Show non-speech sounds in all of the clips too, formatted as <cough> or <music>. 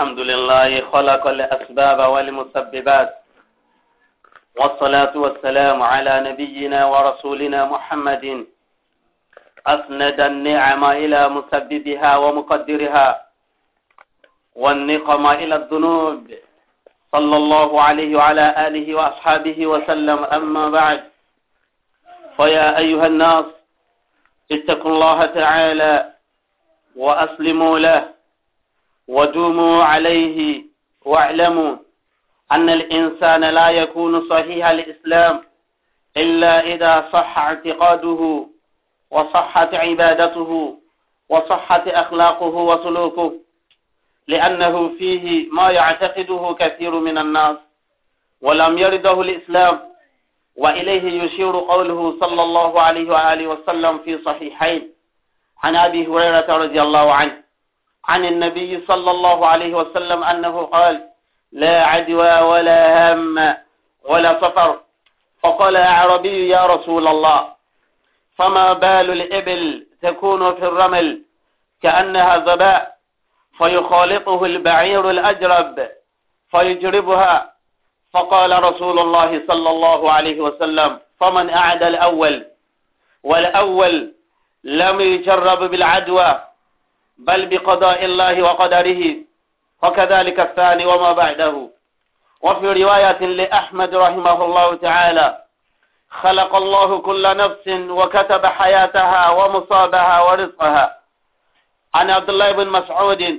الحمد لله خلق الأسباب والمسببات والصلاة والسلام على نبينا ورسولنا محمد أسند النعم إلى مسببها ومقدرها والنقم إلى الذنوب صلى الله عليه وعلى آله وأصحابه وسلم أما بعد فيا أيها الناس اتقوا الله تعالى وأسلموا له ودوموا عليه واعلموا أن الإنسان لا يكون صحيح الإسلام إلا إذا صح اعتقاده وصحت عبادته وصحت أخلاقه وسلوكه لأنه فيه ما يعتقده كثير من الناس ولم يرده الإسلام وإليه يشير قوله صلى الله عليه وآله وسلم في صحيحين عن أبي هريرة رضي الله عنه عن النبي صلى الله عليه وسلم أنه قال لا عدوى ولا هم ولا سفر فقال أعربي يا رسول الله فما بال الإبل تكون في الرمل كأنها زباء فيخالطه البعير الأجرب فيجربها فقال رسول الله صلى الله عليه وسلم فمن أعد الأول والأول لم يجرب بالعدوى بل بقضاء الله وقدره وكذلك الثاني وما بعده وفي رواية لأحمد رحمه الله تعالى خلق الله كل نفس وكتب حياتها ومصابها ورزقها عن عبد الله بن مسعود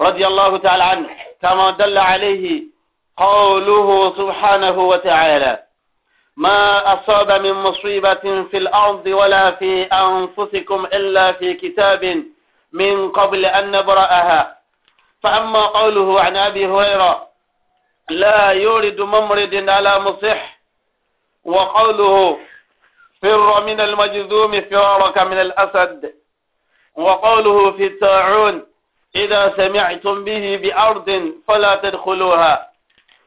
رضي الله تعالى عنه كما دل عليه قوله سبحانه وتعالى ما أصاب من مصيبة في الأرض ولا في أنفسكم إلا في كتاب من قبل أن نبرأها فأما قوله عن أبي هريرة لا يورد ممرض على مصح وقوله فر من المجذوم فرارك من الأسد وقوله في الطاعون إذا سمعتم به بأرض فلا تدخلوها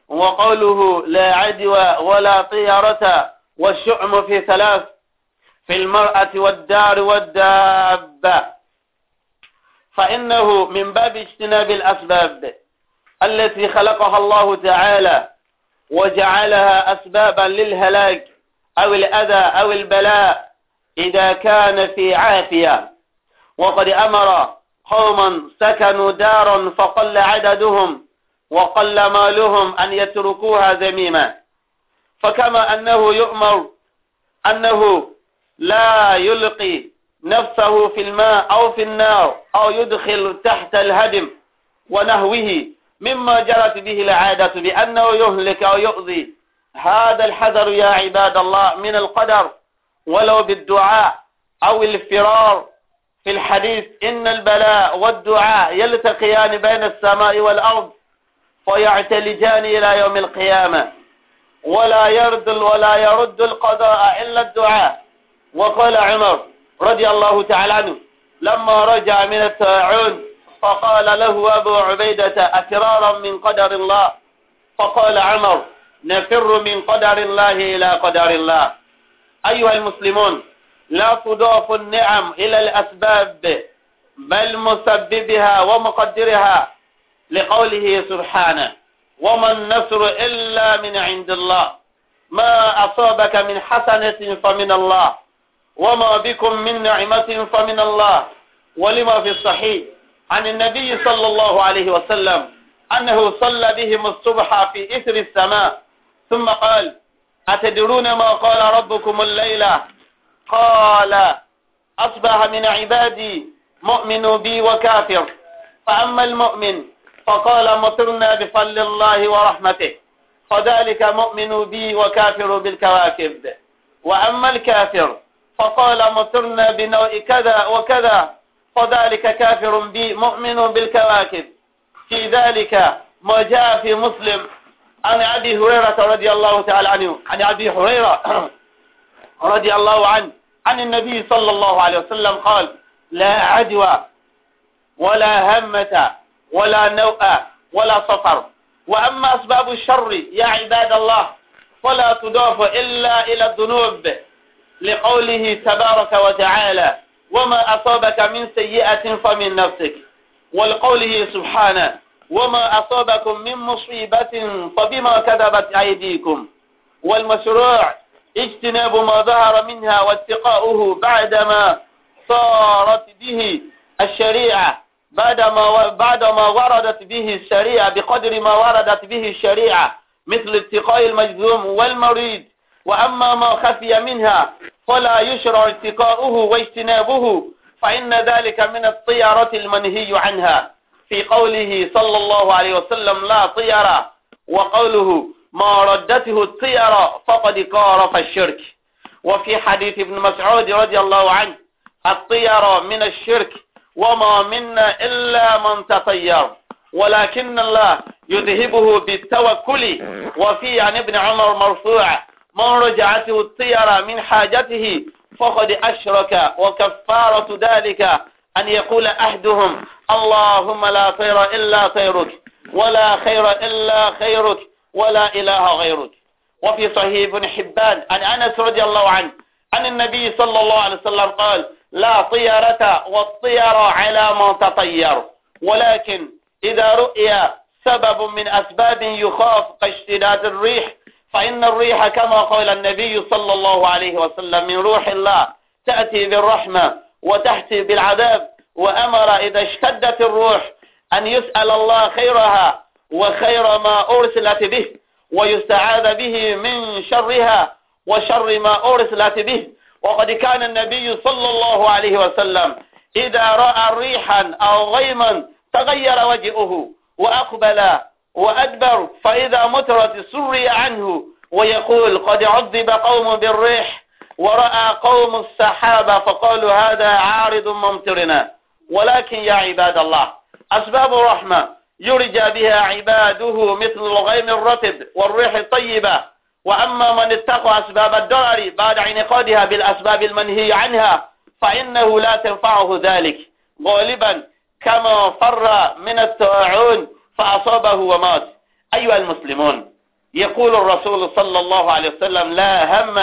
وقوله لا عدوى ولا طيرة والشؤم في ثلاث في المرأة والدار والدابة فإنه من باب اجتناب الأسباب التي خلقها الله تعالى وجعلها أسبابا للهلاك أو الأذى أو البلاء إذا كان في عافية وقد أمر قوما سكنوا دارا فقل عددهم وقل مالهم أن يتركوها ذميما فكما أنه يؤمر أنه لا يلقي نفسه في الماء أو في النار أو يدخل تحت الهدم ونهوه مما جرت به العادة بأنه يهلك أو يؤذي هذا الحذر يا عباد الله من القدر ولو بالدعاء أو الفرار في الحديث إن البلاء والدعاء يلتقيان بين السماء والأرض فيعتلجان إلى يوم القيامة ولا يرد ولا يرد القضاء إلا الدعاء وقال عمر radiyallahu ta'ala anhu lamma raja'a min at-ta'un faqala lahu abu ubaydata akraran min qadari Allah faqala umar nafirru min qadari Allah ila qadari Allah ayyuha al-muslimun لا تضاف النعم إلى الأسباب بل مسببها ومقدرها لقوله سبحانه وما النصر إلا من عند الله ما أصابك من حسنة فمن الله وما بكم من نعمة فمن الله ولما في الصحيح عن النبي صلى الله عليه وسلم أنه صلى بهم الصبح في إثر السماء ثم قال أتدرون ما قال ربكم الليلة قال أصبح من عبادي مؤمن بي وكافر فأما المؤمن فقال مطرنا بفضل الله ورحمته فذلك مؤمن بي وكافر بالكواكب وأما الكافر فقال مطرنا بنوع كذا وكذا فذلك كافر بي مؤمن بالكواكب في ذلك ما جاء في مسلم عن أبي هريرة رضي الله تعالى عنه عن أبي هريرة <clears throat> رضي الله عنه عن النبي صلى الله عليه وسلم قال لا عدوى ولا همة ولا نوء ولا صفر وأما أسباب الشر يا عباد الله فلا تضاف إلا إلى الذنوب لقوله تبارك وتعالى وما أصابك من سيئة فمن نفسك ولقوله سبحانه وما أصابكم من مصيبة فبما كذبت أيديكم والمشروع اجتناب ما ظهر منها واتقاؤه بعدما صارت به الشريعة بعدما بعدما وردت به الشريعة بقدر ما وردت به الشريعة مثل اتقاء المجذوم والمريض وأما ما خفي منها فلا يشرع اتقاؤه واجتنابه فإن ذلك من الطيرة المنهي عنها في قوله صلى الله عليه وسلم لا طيرة وقوله ما ردته الطيرة فقد قارف الشرك وفي حديث ابن مسعود رضي الله عنه الطيرة من الشرك وما منا إلا من تطير ولكن الله يذهبه بالتوكل وفي عن ابن عمر مرفوع من رجعته الطيرة من حاجته فقد أشرك وكفارة ذلك أن يقول أحدهم اللهم لا طير إلا طيرك ولا خير إلا خيرك ولا إله غيرك وفي صحيح بن حبان عن أنس رضي الله عنه عن النبي صلى الله عليه وسلم قال لا طيرة والطيرة على من تطير ولكن إذا رؤي سبب من أسباب يخاف كاشتداد الريح فإن الريح كما قال النبي صلى الله عليه وسلم من روح الله تأتي بالرحمة وتحتي بالعذاب وأمر إذا اشتدت الروح أن يسأل الله خيرها وخير ما أرسلت به ويستعاذ به من شرها وشر ما أرسلت به وقد كان النبي صلى الله عليه وسلم إذا رأى ريحا أو غيما تغير وجهه وأقبل وأدبر فإذا مترت سري عنه ويقول قد عذب قوم بالريح ورأى قوم السحابة فقالوا هذا عارض ممطرنا ولكن يا عباد الله أسباب الرحمة يرجى بها عباده مثل الغيم الرطب والريح الطيبة وأما من اتقى أسباب الدار بعد عنقادها بالأسباب المنهي عنها فإنه لا تنفعه ذلك غالبا كما فر من الطاعون فأصابه ومات أيها المسلمون يقول الرسول صلى الله عليه وسلم لا هم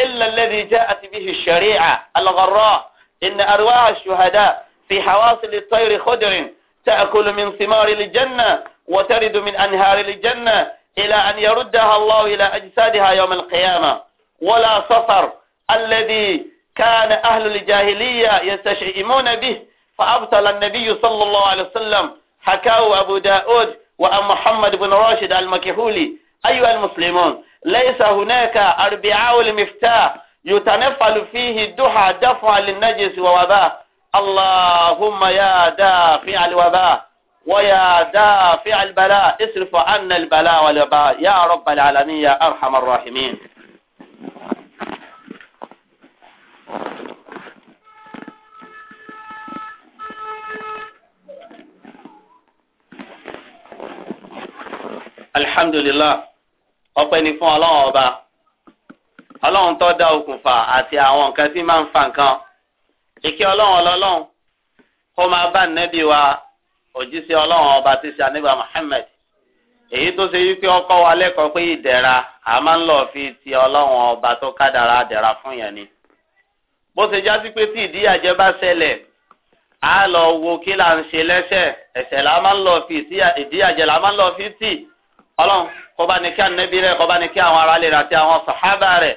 إلا الذي جاءت به الشريعة الغراء إن أرواح الشهداء في حواصل الطير خدر تأكل من ثمار الجنة وترد من أنهار الجنة إلى أن يردها الله إلى أجسادها يوم القيامة ولا صفر الذي كان أهل الجاهلية يستشعمون به فأبطل النبي صلى الله عليه وسلم حكاه أبو داود وأم محمد بن راشد المكحولي أيها المسلمون ليس هناك أربعاء المفتاح يتنفل فيه الدحى دفعا للنجس ووباء اللهم يا دافع الوباء ويا دافع البلاء اصرف عنا البلاء والوباء يا رب العالمين يا أرحم الراحمين alhamdulilah ọpẹ ni fún Ọlọ́run ọba Ọlọ́run tó dá okùnfà àti àwọn nǹkan tí máa ń fa nǹkan ìkẹ́ Ọlọ́run ọlọ́run kó máa bá nẹ́bí wa òjíṣẹ́ Ọlọ́run ọba ti ṣe àníbà Muhammad èyí tó ṣe wípé ọkọ wa lẹ́kọ̀ọ́ pé ìdẹ̀ra a máa ń lọ fi ti Ọlọ́run ọba tó kádàrá dẹ̀ra fún yẹn ni bó ṣe já sí pé tí ìdíyàjẹ bá ṣẹlẹ̀ a lọ wo kí là ń ṣe lẹ́sẹ̀ ẹ̀ṣẹ̀ la máa ń lọ fi ìdíyàjẹ la máa ń lọ fi tì ọlọ́run kọba ní kí ànábì rẹ̀ kọba ní kí àwọn aráàlú rẹ̀ àti àwọn sàhábà rẹ̀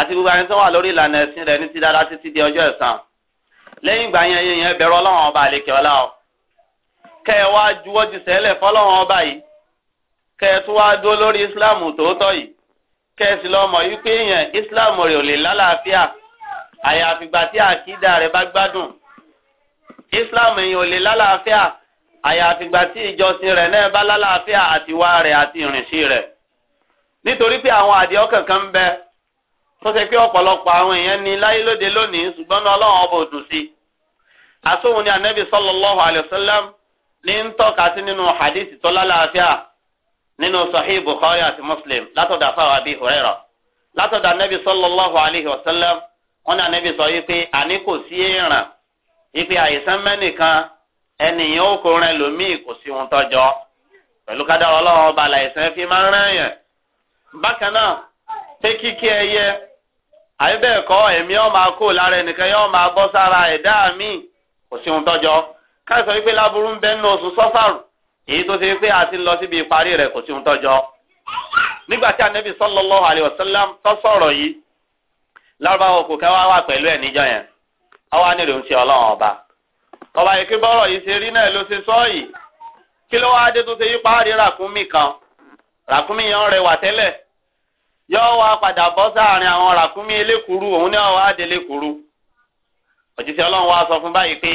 àti gbogbo àwọn tó wà lórí ìlànà ẹ̀sìn rẹ̀ ní ti dára títí di ọjọ́ ẹ̀san lẹ́yìn ìgbà yẹn yẹn yẹn bẹ̀rù ọlọ́run ọba àlekè ọlá o kẹ́ ẹ wá juwọ́ ju sẹ́lẹ̀ fọlọ́run ọba yìí kẹ́ ẹ tún wá dúró lórí ìsìláàmù tòótọ́ yìí kẹ́ ẹ sì lọ mọ̀ yí pé yẹn ìsìláàmù rẹ̀ ò lè lálàáfíà àyàfìgbà tí àkídà rẹ̀ bá gbádùn ìsìláàmù yẹn ò lè lálàáfíà àyàfi ìgbà tí ìjọsìn rẹ̀ náà bá lálàáfíà àti wá rẹ̀ àti ìrìnsí rẹ nítorí pé àwọn àdìọ́ kankan ń bẹ tó ṣe pé ọ̀pọ̀lọpọ̀ àwọn èèyàn ní láyé lóde lónìí ṣùgbọ́n náà ọba sí i àsóhun ni anabi sallallahu alayhi ní ń tọ́ka sí nínú hadith tó lálàáfíà nínú sahih bukhari àti muslim anabi wọn anabi sọ yìí pé àní kò sí èèràn yìí pé àìsàn mẹ́nìkan ẹnìyàn ó kó rẹ lómii kò sí ohun tọjọ pẹ̀lú kádàrá Ọlọ́run ọba làìsàn fi máa ń rán yẹn bákan náà pé kíkí ẹyẹ àyè bẹ́ẹ̀ kọ́ ẹ̀mí ọ máa lára ẹnìkan yọ máa bọ́ sára ẹ̀dá míì kò sí ohun tọjọ káàsọ wípé láburú ń bẹ nínú oṣù sọfàrù èyí tó ṣe pé a ti lọ síbi ìparí kò sí ohun tọjọ nígbà tí anabi sallallahu alaihi wasallam tó yìí lárúbáwò kò kẹwàá wà pẹ̀lú ẹ yẹn àwa nílò ń ṣe Ọlọ́run ọba kọba yìí kí bọ́rọ̀ yìí ṣe rí náà ló ṣe sọ yìí kí ló wáá dé tó ṣe yípa rí ràkúnmí kan ràkúnmí yẹn ń rẹwà tẹ́lẹ̀ yóò wá padà bọ́ sáàrin àwọn ràkúnmí elékuru òun ní ọ̀wá adélékuru òjíṣẹ́ ọlọ́run wá sọ fún báyìí pé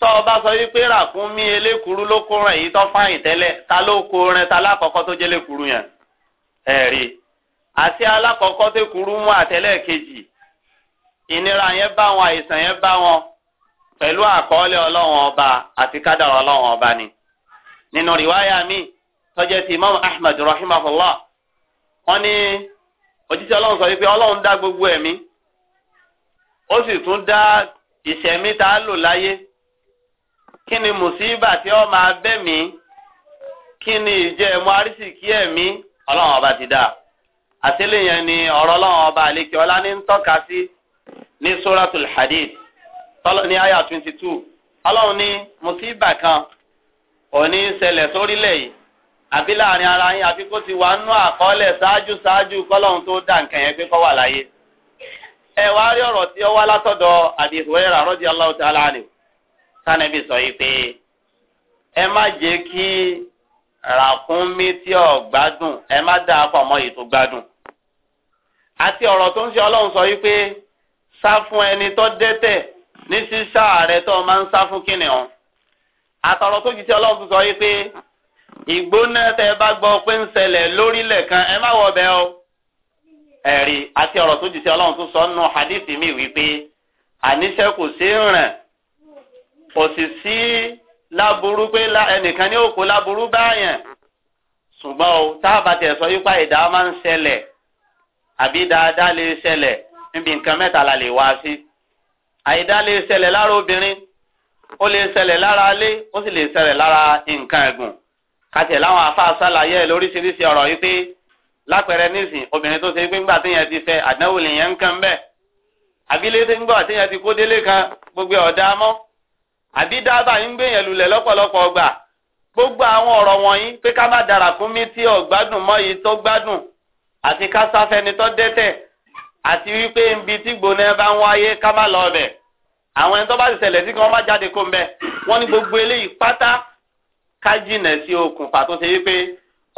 tọ́ ọ bá sọ wípé ràkúnmí elékuru ló kó rẹ̀ yìí tọ́ fáyìn tẹ́lẹ̀ ta ló kó rẹ̀ ta lákọ̀ọ́kọ́ tó jẹ́ lékuru yẹn ẹ̀rí àti alákọ̀ọ́kọ́ tó kuru mú àtẹ́lẹ̀ kejì ìnira yẹn bá wọn àìsàn yẹn bá wọn pẹ̀lú àkọọ́lẹ̀ ọlọ́run ọba àti kádàrá ọlọ́run ọba ni nínú rìwáyà mi tọ́jẹ́ ti imam ahmed rahimahullah wọ́n ní òjíṣẹ́ ọlọ́run sọ wípé ọlọ́run dá gbogbo ẹ̀mí ó sì tún dá ìṣẹ̀mí tá a lò láyé kí ni mùsíbà mi kí ni ìjẹ́ ẹ̀mú arísìkí ẹ̀mí ọlọ́run ọba ti dá ni ọ̀rọ̀ ọlọ́run ọba àlekè ọlá ní ń tọ́ka tọ́lọ́ ní àyà twenty two ọlọ́run ní mùsíbà kan òní ṣẹlẹ̀ sórílẹ̀ yìí àbí láàrin ara yín àfi kó ti wà nú àkọọ́lẹ̀ ṣáájú ṣáájú kọ́lọ́run tó dá nǹkan yẹn pé kọ́ wà láyé ẹ wá rí ọ̀rọ̀ tí ó wá látọ̀dọ̀ Abi Hurairah radiyallahu ta'ala anhu sanabi sọ yìí pé ẹ má jẹ́ kí ràkúnmí tí ò gbádùn ẹ má dà á pọ̀ mọ́ èyí tó gbádùn àti ọ̀rọ̀ tó ń ṣe ọlọ́run sọ yìí pé sá fún ẹni tó dẹ́tẹ̀ ní sísá tó máa ń sá fún kìnìún àtọ̀rọ̀ tó jìṣẹ́ ọlọ́run sọ yìí pé ìgbóná tẹ bá gbọ́ pé ń ṣẹlẹ̀ lórílẹ̀ kan ẹ má wọ bẹ o ẹ̀rí àti ọ̀rọ̀ tó jìṣẹ́ ọlọ́run tó sọ nù hadith mi wípé àníṣe kò sí rìn kò sì sí láburú pé ẹnìkan ní òkú láburú o sọ yípa ìdá máa ń àbí dáadáa lè la lè wá sí. àyídá lè ṣẹlẹ̀ lára obìnrin ó lè ṣẹlẹ̀ lára ilé ó sì lè ṣẹlẹ̀ lára nǹkan ẹ̀gùn kàtẹ́ láwọn afá sálàyé ẹ̀ lóríṣiríṣi ọ̀rọ̀ yìí pé lápẹẹrẹ nísìn obìnrin tó ṣe pé ńgbà téèyàn ti fẹ́ àdánwò lèèyàn ń kàn bẹ́ẹ̀ àbílẹ̀ tí ńgbà téèyàn ti kó délé kan gbogbo ọ̀dà mọ́ àbí dábàá ń gbèyàn lulẹ̀ lọ́pọ̀lọpọ̀ ọgbà gbogbo àwọn ọ̀rọ̀ wọ̀nyí pé ká má dara mi tí ọ̀gbádùn mọ́ yìí tó gbádùn àti ká sáfẹ́ni tó dẹ́tẹ̀ àti wípé nbi tí gbóná bá ń wáyé ká má lọ ọbẹ̀ àwọn ẹni tó bá ti ṣẹlẹ̀ sí kí wọ́n má jáde kó ń bẹ wọ́n ní gbogbo eléyìí pátá ká jìnà sí okùnfà tó ṣe wípé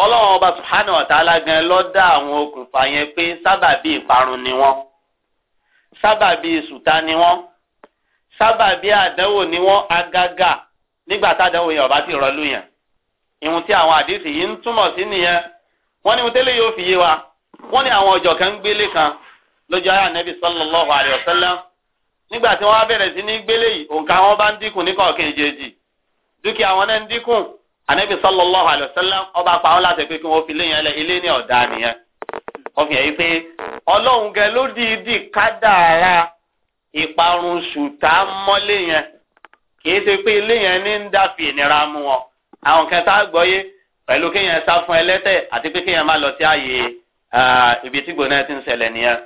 ọlọ́run ọba subhanahu wa ta'ala gan dá àwọn okùnfà yẹn pé sábàbí ìparun ni wọ́n sábàbí ìsùta ni wọ́n sábàbí àdánwò ni wọ́n agaga nígbà tádánwò yẹn ọba ti rọlú yẹn ìhun tí àwọn àdìsí yìí ń túmọ̀ sí nìyẹn wọ́n ní mo tẹ́lẹ̀ yóò fi yé wa wọ́n ní àwọn ọ̀jọ̀kan gbélé kan lójú ayé ànẹ́bí sallallahu alayhi wa sallam nígbà tí wọ́n bẹ̀rẹ̀ sí ní gbélé yìí òǹkà wọn bá ń dínkù ní kọ̀ọ̀kan ìjejì dúkìá wọn náà ń dínkù ànẹ́bí sallallahu alayhi wa sallam ọba pa wọn láti pé kí wọ́n fi léyìn ẹlẹ́ ilé ní ọ̀dà nìyẹn wọ́n fi hàn yí pé ọlọ́run gẹ ló dìídì kádàrá ìparun ṣùtá mọ́lé yẹn kìí ṣe pé ilé yẹn ní ń dàfi ìnira mú wọn àwọn kan tá pẹ̀lú kéèyàn sá fún ẹlẹ́tẹ̀ àti pé kéèyàn má lọ sí ààyè ibi tí gbòòrò ti ń ṣẹlẹ̀ nìyẹn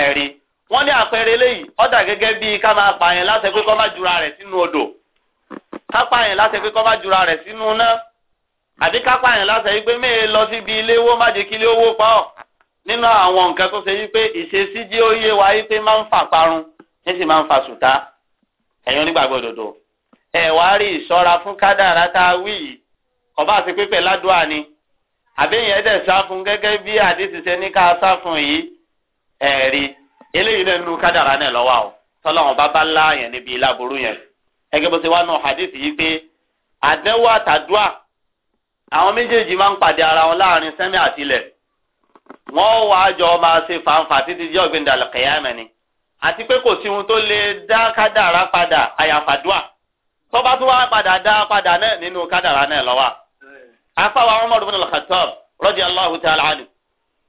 ẹ̀rí wọ́n ní àpẹẹrẹ eléyìí ọ̀dà gẹ́gẹ́ bíi ká máa pààyàn láti pé kọ́ máa jura rẹ̀ sínú odò ká pààyàn láti pé kọ́ máa jura rẹ̀ sínú iná àbí ká pààyàn láti pé mẹ́ẹ̀ lọ síbi ilé owó má jẹ́ owó pa ọ́ nínú àwọn nǹkan tó ṣe pé ìṣesí jẹ́ wa pé máa ń fà parun ní máa ń fa sùtá onígbàgbọ́ òdòdó ẹ̀ wá fún kádàrá tá a ẹ̀rí eléyìí náà nínú kádàrá náà lọ́wọ́ o tọ́lọ́wọ́n bá bá láàyàn níbi ìlàbúrú yẹn ẹgẹ́ bó ṣe wá náà hadith yìí pé àdánwò àtàdúà àwọn méjèèjì máa ń pàdé ara wọn láàrin sẹ́mi àti ilẹ̀ wọ́n wà á jọ máa ṣe fàǹfà títí jẹ́ ọ̀gbìn dàlùkẹ́yàmẹ́ ni àti pé kò sí ohun tó lè dá kádàrá padà àyàfàdúà tó bá tún wá padà dá padà náà nínú kádàrá náà lọ́wọ́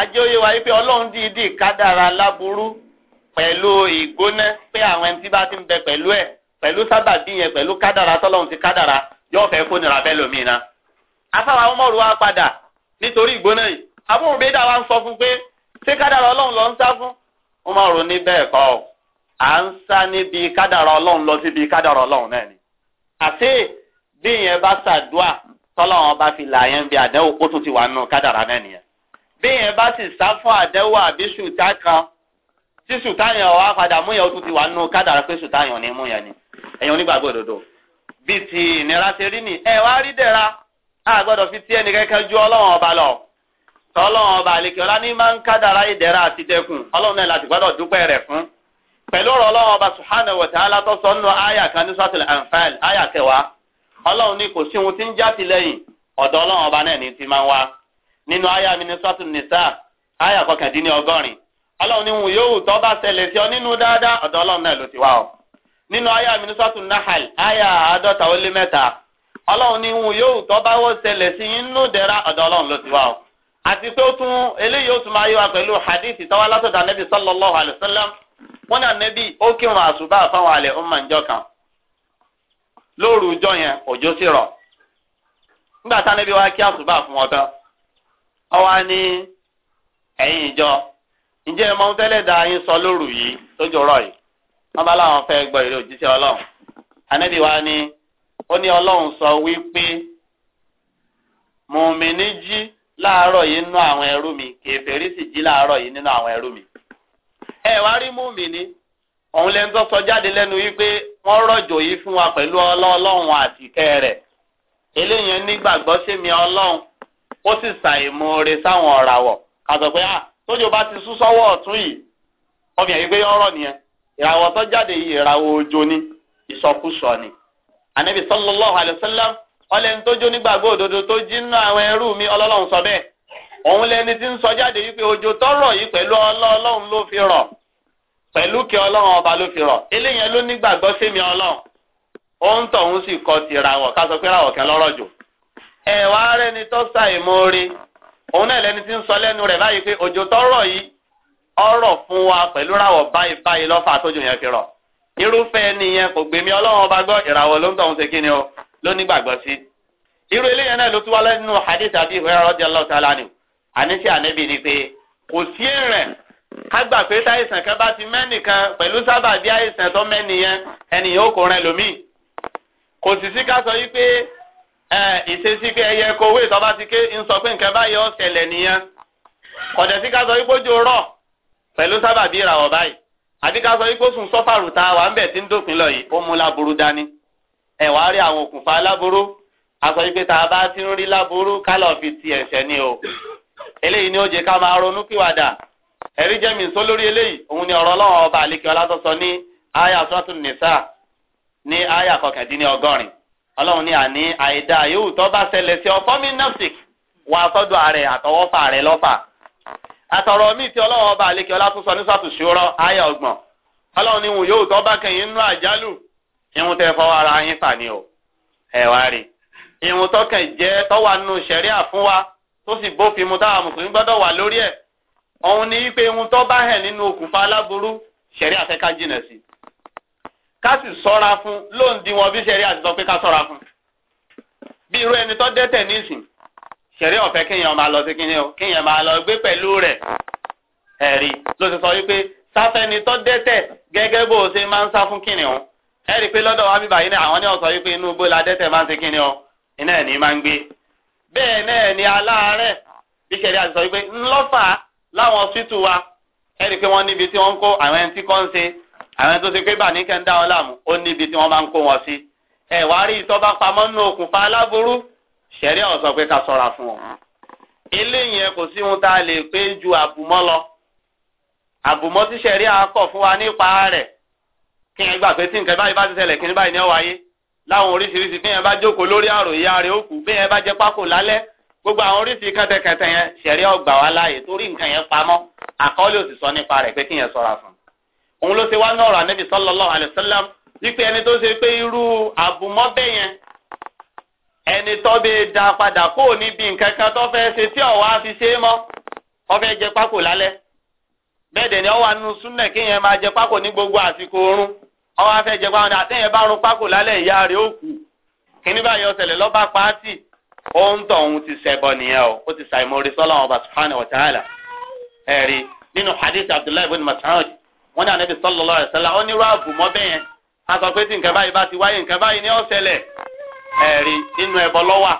ajẹ́ òye wa wípé ọlọ́run dìídì kádàrá láburú pẹ̀lú ìgbóná pé àwọn ẹni ti ń bẹ pẹ̀lú ẹ̀ pẹ̀lú sábàbí yẹn pẹ̀lú kadara tọ́lọ́run ti kadara yóò fẹ́ kó nira bẹ́ẹ̀ lómi afáwa wa padà nítorí ìgbóná yìí ń sọ fún pé ṣé lọ ń sá fún ní bẹ́ẹ̀ kọ́ ọ à ń sá níbi ọlọ́run lọ síbi ọlọ́run náà ni. àti bí ti wà nù béèyàn bá sì sá fún àdẹ́wò àbí ṣùtá kan tí ṣùtá yẹn wá padà mú yẹn tún ti wà nù kádàrà pé ṣùtá yẹn ní mú yẹn ni ẹ̀yin onígbàgbọ́ òdodo bíi ti ìnira ṣe rí ni ẹ wá rí dẹ̀ra a gbọ́dọ̀ fi tí ẹnì kẹ́kẹ́ ju ọlọ́run ọba lọ tọ́lọ́run ọba àlekè ọlá ní máa ń kádàrá ìdẹ̀ra àti dẹkùn. ọlọ́run náà láti gbọ́dọ̀ dúpẹ́ rẹ̀ fún pẹ̀lú ọ̀rọ̀ ọlọ́run ọba nínú Aya mi ní sọ́tù nìsá àyà kọkàndínní ọgọ́rin ọlọ́run ní wù yóò tọ́ bá ṣẹlẹ̀ sí ọ nínú dáadáa ọ̀dọ̀ ọlọ́run náà ló ti wá ọ nínú àyà mi ní sọ́tù nahal àyà àádọ́ta ó lé mẹ́ta ọlọ́run ní wù yóò tọ́ bá wọ́ ṣẹlẹ̀ sí inú ọlọ́run ló ti wá ọ àti pé ó tún eléyìí ó tún máa yọ pẹ̀lú hadith ọwọ́ ní ẹ̀yìn ìjọ ǹjẹ́ ẹ máa ń tẹ́lẹ̀ dá yín yìí tó ọ̀rọ̀ yìí wọ́n bá láwọn fẹ́ gbọ́ èrè òjíṣẹ́ ọlọ́run anábì wa ni ó ní ọlọ́run sọ wípé mùmíní jí láàárọ̀ yìí nínú àwọn ẹrú mi sì jí láàárọ̀ yìí nínú àwọn ẹrú mi ẹ wá rí mùmíní òun lẹ́nu tó sọ jáde lẹ́nu wípé ó sì ṣàìmoore sáwọn ọ̀ràwọ̀ kàtọ̀ pé ah tójú bá ti sún sọ́wọ́ ọ̀tún yìí ọmọ yẹn gbé ọ̀rọ̀ nìyẹn ìràwọ̀ tó jáde yìí ìràwọ̀ òjò ni ìsọkúsọ ni. ànábì sallallahu alaihi wasallam ọlẹ́ni tó jó nígbàgbọ́ òdodo tó jí nínú àwọn ẹrú mi ọlọ́lọ́run sọ bẹ́ẹ̀ òun lẹni tí ń sọ jáde yìí pé òjò tọrọ yìí pẹ̀lú ọlọ́run ló fi rọ̀ pẹ̀lú kí ọlọ́run ọba ló fi rọ̀ eléyẹn ló nígbàgbọ́ sí mi ọlọ́run ó ń tọ̀ sì kọ ti ràwọ̀ ká sọ pé ràwọ̀ kẹ́ lọ́rọ̀ jù ẹ̀wà rẹ̀ ni tọ́sà ìmoore òun náà lẹni tí ń sọ lẹ́nu rẹ̀ báyìí pé òjò tọrọ yìí ọrọ̀ fún wa pẹ̀lú ràwọ̀ báyìí báyìí lọ́fà tójú yẹn fi rọ̀ irúfẹ́ nìyẹn kò gbèmí ọlọ́run ọba gbọ́ ìràwọ̀ ló ń tọ̀hún ṣe kí ni o ló nígbàgbọ́ sí irú eléyẹn náà ló tún wá lẹ́nu hadith àbí ìwé ọ̀rọ̀ jẹ́ lọ́ọ̀tà lánìí àníṣe ànẹ́bí ni pé kò sí ìrìn kágbà pé táìsàn kan bá ti mẹ́nìkan pẹ̀lú sábàbí àìsàn tó mẹ́nìyẹn ẹnìyàn ó kò rẹ lómìn kò sì sí ká sọ yí pé Ise pé ẹyẹ eye ìtọ́ba ti ké ń sọ pé nǹkan báyìí ó ṣẹlẹ̀ nìyẹn kọ̀dẹ̀ ká sọ rọ̀ pẹ̀lú sábàbí ìràwọ̀ báyìí àbí ká sọ wípé sùn sọ́fàrù wà ń bẹ̀ tí ń dòpin lọ yìí ó mú láburú dání ẹ̀ wá rí àwọn òkùnfà láburú a sọ tá ti ń rí láburú kálọ̀ fi ti ẹ̀ṣẹ̀ ni o eléyìí ni ó ká máa ronú kíwàdà jẹ́mi sọ lórí eléyìí òun ọlọ́run ní àní àìdá yóò tọ́ bá ṣẹlẹ̀ sí ọ fọ́mí nọ́ọ̀sì wà sọ́dọ̀ ààrẹ àtọwọ́fà rẹ lọ́fà àtọ̀rọ̀ míì tí ọlọ́run ọba àlekè ọlá tún sọ ní sọ́tù ṣòro ayé ọgbọ̀n ọlọ́run ní ìhun yóò tọ́ bá kẹyìn nínú àjálù ìhun tẹ fọwọ́ ara yín fà ní o ẹ wá rí ìhun tọkàn jẹ́ tọ́wà nínú ṣẹ̀ríà fún wa tó sì bófin mu táwa mùsùlùmí gbọ́dọ̀ wà lórí ẹ̀ òun ní wípé ìhun tọ́ bá hẹ̀ nínú okùnfà aláburú ṣẹ̀ríà fẹ́ jìnà sí i ká sì sọ́ra fún ló ń di wọn bí sẹ́rí àti sọ pé ká sọ́ra fún. bí irú ẹni tó dẹ́tẹ̀ nísìn sẹ́rí ọ̀fẹ́ kéèyàn máa lọ sí kíni o kéèyàn máa lọ gbé pẹ̀lú rẹ̀ ẹ̀rí ló ti sọ wípé sáfẹ́ni tó dẹ́tẹ̀ gẹ́gẹ́ bó o ṣe máa ń sá fún kíni o ẹ̀rí pé lọ́dọ̀ wa bíbá yìí ni àwọn ní ọ̀sọ́ wípé inú igbó la dẹ́tẹ̀ máa ń ṣe kíni o iná ẹ̀ ní máa ń gbé bẹ́ẹ̀ náà ni aláàárẹ̀ bí sẹ́rí àti sọ wípé ńlọ́fà láwọn ṣítù wa ẹ̀rí pé wọ́n níbi àwọn tó ṣe pé bàní kẹ́ ń dá wọn láàmú ó níbi tí wọ́n máa ń kó wọn sí ẹ wàá rí ìtọ́ba pamọ́ nínú okùnfà aláburú ṣẹ̀rí ó sọ pé ká sọ̀ra fún ọ. eléyìí ẹ kò sí ohun tá a lè pé ju àbùmọ́ lọ àbùmọ́ tí ṣẹ̀rí àkọ́ fún wa nípa rẹ̀ kí ẹ gbà pé tí nǹkan báyìí bá ti ṣẹlẹ̀ kí ní báyìí ní ọ wáyé láwọn oríṣiríṣi bí yẹn bá jókòó lórí àròyé ààrẹ òkú bí yẹn bá jẹ pákó lálẹ́ gbogbo àwọn oríṣi kẹtẹkẹtẹ yẹn ṣẹ̀rí ọgbà wa láàyè torí nǹkan yẹn pamọ́ àkọọ́lẹ̀ òsì sọ nípa rẹ̀ pé kí yẹn sọ̀ra fún un. òun ló ṣe wá ní ọ̀rọ̀ ànábì sọlọlọ alaihi wípé ẹni tó ṣe pé irú àbùmọ́bẹ̀ yẹn ẹni tó bẹ da padà kó o níbi nǹkan kan tó fẹ́ ṣe tí fi ṣe é mọ́ ọfẹ́ jẹ pákó lálẹ́ gbogbo àsìkò oorun jẹ pákó ní bá pákó ìyá ó kù kíní ohun tó ń ti o ti wọn abdullahi ibn wọ́n ní ànábì sallallahu alaihi wasallam ó nírú àbùmọ́ bẹ́yẹn a sọ pé tí nǹkan báyìí bá ti wáyé nǹkan báyìí ni ó ṣẹlẹ̀ ẹ̀rí inú ẹ̀bọ lọ́wà.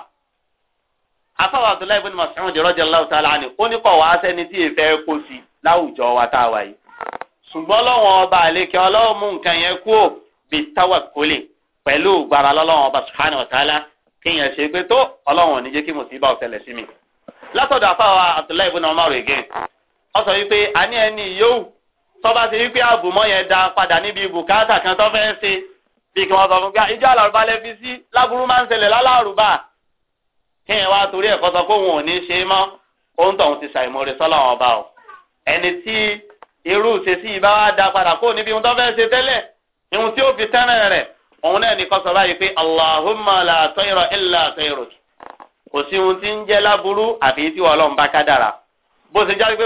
afáwọn Abdullahi ibn Mas'ud radiyallahu ta'ala anhu ó ní kọ̀ wá sẹ́ni tí èèfẹ́ kó sí láwùjọ wa tá a wà yìí. ṣùgbọ́n lọ́wọ́n ọba àlekẹ́ ọlọ́wọ́ mú nǹkan yẹn kú ò bí táwà kólé pẹ̀lú gbàrà lọ́wọ́n ọba subhanahu wa ta'ala kéèyàn ṣe pé tó ọlọ́wọ́n ní jẹ́ kí mùsíbà ó ṣẹlẹ̀ sí mi. látọ̀dọ̀ afáwọn Abdullahi ibn Umar again ó sọ wípé a ní ẹni yóò tọ́ba ti wípé àbùmọ́ yẹn da padà níbi bùkátà kan tó fẹ́ ṣe bí kí wọ́n sọ fún pé ìjọ àlàrúbá lẹ fi sí láburú máa ń ṣẹlẹ̀ lálàrúbá kí yẹn wá torí ẹ̀kọ́ sọ pé òun ò ní ṣe mọ́ òun tọ̀hún ti ṣàìmọ̀re sọ́lá wọn ọba o ẹni tí irú ìṣesí ìbá wa da padà kó níbi ohun tó fẹ́ ṣe tẹ́lẹ̀ ihun tí ó fi tẹ́rẹ̀ rẹ̀ òun náà ní kọ́ sọ báyìí pé Allahumma la tayra illa tayruk kò sí ohun tí ń jẹ́ láburú àfi tí Ọlọ́run bá kádàrà bó ṣe jáde pé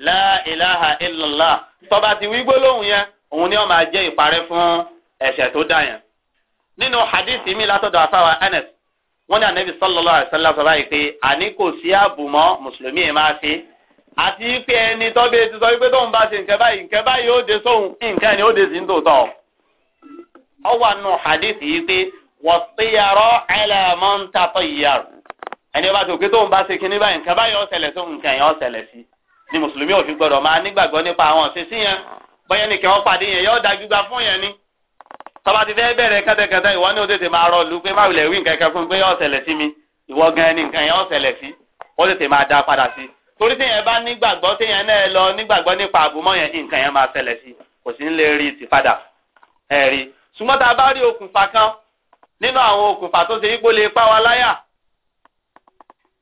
la ilaha illallah tọba ti wí gbólóhùn yẹn òun ni ọ máa jẹ ìparẹ́ fún ẹ̀ṣẹ̀ tó dá yẹn nínú hadithi mi látọ̀dọ̀ àfáwà anas wọ́n ní anabi sallallahu alaihi wasallam sọ pé àní kò sí àbùmọ́ mùsùlùmí ẹ̀ máa àti ẹni sọ wípé tóun bá ṣe báyìí báyìí ó de sóhun nǹkan ni ó de sí ń ọ wà nù hadithi yìí pé yàrá ẹni bá tóun bá ṣe kinní báyìí nǹkan báyìí ó ṣẹlẹ̀ sóhun ni mùsùlùmí ò fi gbọdọ̀ máa nígbàgbọ́ nípa àwọn ọ̀sẹ̀sí yẹn bọ́yẹn ní kí wọ́n pàdé yẹn yóò da gbígba fún yẹn ni tọ́ba ti fẹ́ bẹ̀rẹ̀ kẹ́tẹ́kẹ́tẹ́ ìwọ ní o máa rọlù pé má wulẹ̀ wí nǹkan kan fún pé yóò ṣẹlẹ̀ sí mi ìwọ gan ni nǹkan yẹn ó ṣẹlẹ̀ sí ó tètè máa dá padà sí torí téèyàn bá nígbàgbọ́ téèyàn náà lọ nígbàgbọ́ nípa àbùmọ́ yẹn nǹkan yẹn máa ṣẹlẹ̀ sí kò sí ń lè rí ti padà ẹ̀ rí ṣùgbọ́n tá a bá rí okùnfà kan nínú àwọn okùnfà tó ṣe yípo lè pa wa láyà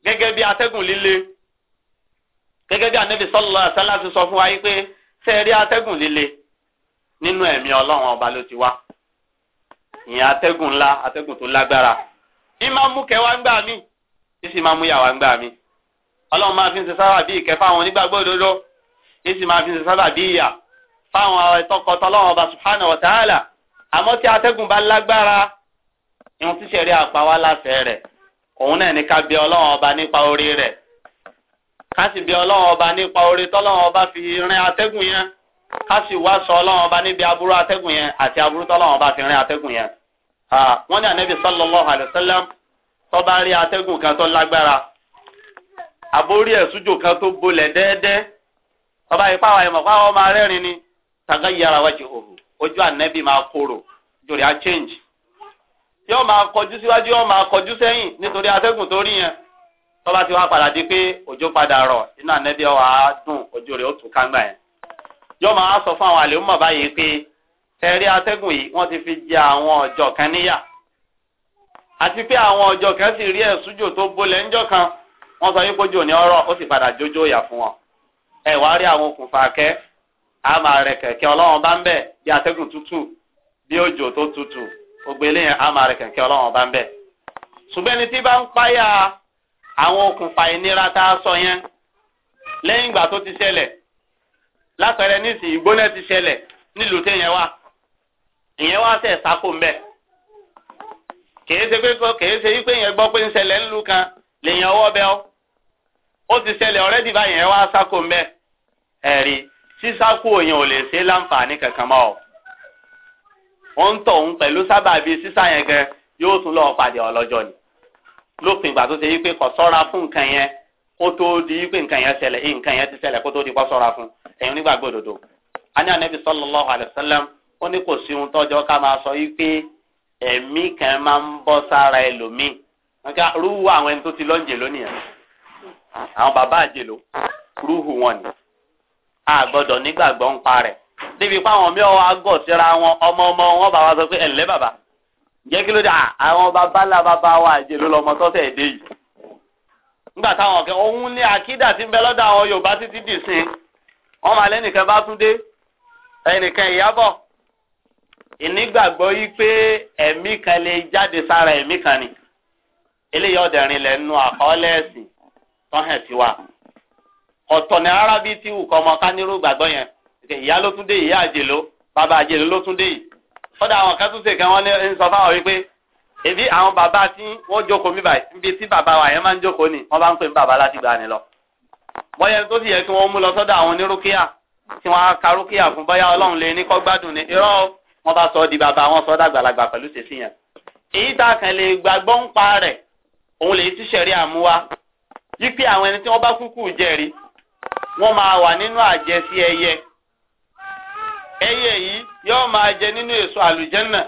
gẹ́gẹ́ bí atẹ́gùn líle gẹ́gẹ́ bí anabi sọlọ sálá fi sọ fún wa yìí pé sẹẹrí atẹ́gùn líle nínú ẹ̀mí Ọlọ́run ọba ló ti wá ìyẹn atẹ́gùn ńlá atẹ́gùn tó lágbára ìmá mú kẹwàá ń gbà mí ìsì máa mú yàwá ń gbà mí Ọlọ́run máa fi ń ṣe sábà bí ìkẹ́ fáwọn onígbàgbọ́ òdodo ìsì máa fi ń ṣe sábà bí ìyà fáwọn tọkọtọ Ọlọ́run ọba subhanahu wa ta'ala àmọ́ tí atẹ́gùn bá lágbára ìhun tíṣẹ̀rí àpáwá láṣẹ rẹ̀ òun náà ní ká bẹ Ọlọ́run ọba nípa orí rẹ̀ Kasi sì bí ọlọ́run ọba nípa oore tọ́lọ́run ọba fi rin atẹ́gùn yẹn ká sì wá sọ ọlọ́run ọba níbi aburú atẹ́gùn yẹn àti aburú tọ́lọ́run ọba fi rin atẹ́gùn yẹn. wọ́n ní ànábì sallallahu alaihi wasallam tó bá rí atẹ́gùn kan tó lágbára àbórí ẹ̀sùjò kan tó bolẹ̀ dẹ́ẹ́dẹ́ tó ipá wa ìmọ̀ fáwọn ọmọ arẹ́rin ni tàgá yàrá wájú òhù ojú ànábì máa korò jòrè á change yóò máa kọjú síwájú yóò máa kọjú sẹ́yìn nítorí atẹ́gùn tó rí yẹn tọ́ba ti wá padà di pé òjò padà rọ̀ iná ànẹ́bí ọ̀ wá dùn ojú rẹ̀ ó tù kángbà yẹn. yóò sọ fún àwọn àlè báyìí pé ẹ̀rí atẹ́gùn yìí wọ́n ti fi jẹ àwọn ọ̀jọ̀ kan níyà. àti pé àwọn ọ̀jọ̀ kan sì rí ẹ̀sùjò tó bolẹ̀ ńjọ́ wọ́n sọ wípé ojú ní ọ̀rọ̀ ó sì padà yà fún wọn. ẹ àwọn okùnfà tó àwọn okùnfà ìnira tá a sọ yẹn lẹ́yìn ìgbà tó ti ṣẹlẹ̀ lápẹẹrẹ nísìnyí ìgbóná ti ṣẹlẹ̀ nílùú téèyàn wà ìyẹn wá tẹ̀ sáko mbẹ́ kìí ṣe pé kìí ṣe wípé yẹn gbọ́ pé ń ṣẹlẹ̀ ńlú kan lèèyàn ọwọ́ bẹ́ ọ́ ó ti ṣẹlẹ̀ ọ̀rẹ́dì báyìí yẹn wá sáko mbẹ́ ẹ̀rí sísáko òyìn ò lè ṣe láǹfààní kankan mọ́ ọ ó ń tọ̀ òun pẹ̀lú sábàbí sísá yẹn gan yóò tún lọ́ọ́ pàdé ọlọ́jọ́ ni lópin ìgbà tó ṣe yí pé kò sọ́ra fún nǹkan yẹn kó tó di pé nǹkan yẹn ṣẹlẹ̀ nǹkan yẹn ti ṣẹlẹ̀ kó tó di kó sọ́ra fún ẹ̀yin onígbàgbọ́ òdodo. a ní ànábì sallallahu alaihi wasallam ó ní kò sí ohun tọ́jọ́ ká máa sọ yí pé ẹ̀mí kan máa ń bọ́ sára ẹlòmíì nǹkan rúhu àwọn ẹni tó ti lọ́njẹ̀ lónìí yẹn àwọn bàbá àjèlò rúhu wọn ni a gbọ́dọ̀ nígbàgbọ́ ń parẹ̀ débi pé àwọn mí jẹ́ kí ló dé àwọn babalá bàbá wa àjẹ ló lọ́mọ tọ́sẹ̀ èdè yìí nígbà táwọn ọ̀kẹ́ òun ní àkídà tí ń bẹ lọ́dọ̀ àwọn Yorùbá títí dì sí wọn máa lẹ́nìkan bá tún dé ẹnìkan ìyábọ̀ ìnígbàgbọ́ yìí pé ẹ̀mí kan lè jáde sára ẹ̀mí kan ni eléyìí ọ̀dẹ̀rin lẹ̀ nu àkọọ́lẹ̀ ẹ̀sìn tán hẹ̀ sí wa ọ̀tọ̀ ní arábí tí wù kọ́ ọmọ ká gbàgbọ́ yẹn ìyá ló tún dé ìyá àjèló bàbá àjèló ló tún dé yìí kódà àwọn kan tún ṣe kan wọ́n ní sọ fáwọn wípé èbí àwọn bàbá tí wọ́n jókòó mi báyìí níbi tí bàbá wa yẹn máa ń jókòó ni wọ́n bá ń pè ní bàbá láti gbani lọ. bóyá tó sì yẹ kí wọ́n mú lọ sọ́dọ̀ àwọn onírúkíà tí wọ́n á ka rúkíà fún bóyá ọlọ́run lè ní kọ́ gbádùn ni irọ́ wọn bá sọ ọ́ di bàbá wọn sọ ọ́ dàgbàlagbà pẹ̀lú tèsí yẹn. èyí tá a kàn lè gbàgbọ́ ń pa rẹ̀ òun lè ti ṣẹ̀rí àmúwá yípe àwọn ẹni tí wọ́n bá kúkú jẹ̀rí wọ́n máa wà nínú àjẹsí ẹyẹ ẹyẹ yìí yóò máa jẹ nínú èso àlùjẹ́nà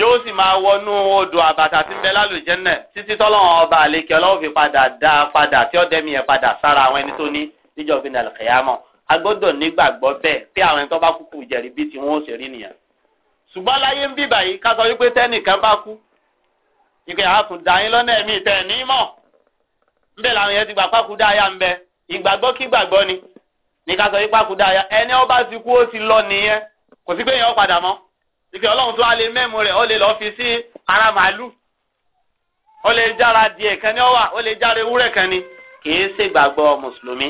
yóò sì máa wọnú odò àbàtà tí ń bẹ lálùjẹ́nà títí tọ́lọ́wọ́n ọba àlekẹ́ ọlọ́wọ́ fi padà dá padà tí ó dẹ́mi yẹn padà sára àwọn ẹni tó ní níjọba ní àlùkẹ́yàmọ̀ a gbọ́dọ̀ nígbàgbọ́ bẹ́ẹ̀ pé àwọn ẹni tó bá kú kù jẹ̀rí bí tí wọ́n ó ṣe rí nìyẹn. ṣùgbọ́n láyé ń bíbà yìí ká sọ wípé tẹ́nìkan bá kú ìpè àtún dá ní ká sọ yí pàkúdà ya ẹni ọba ti kú ó ti lọ nìyẹn kò sí pé èèyàn padà mọ. ìfẹ́ ọlọ́run tó alẹ́ mẹ́mu rẹ̀ ó lè lọ́ọ́ fi sí ara màálù ó lè jára díẹ̀ kan ní ọ̀wà ó lè jára ewúrẹ́ kan ni kìí ṣe gbàgbọ́ mùsùlùmí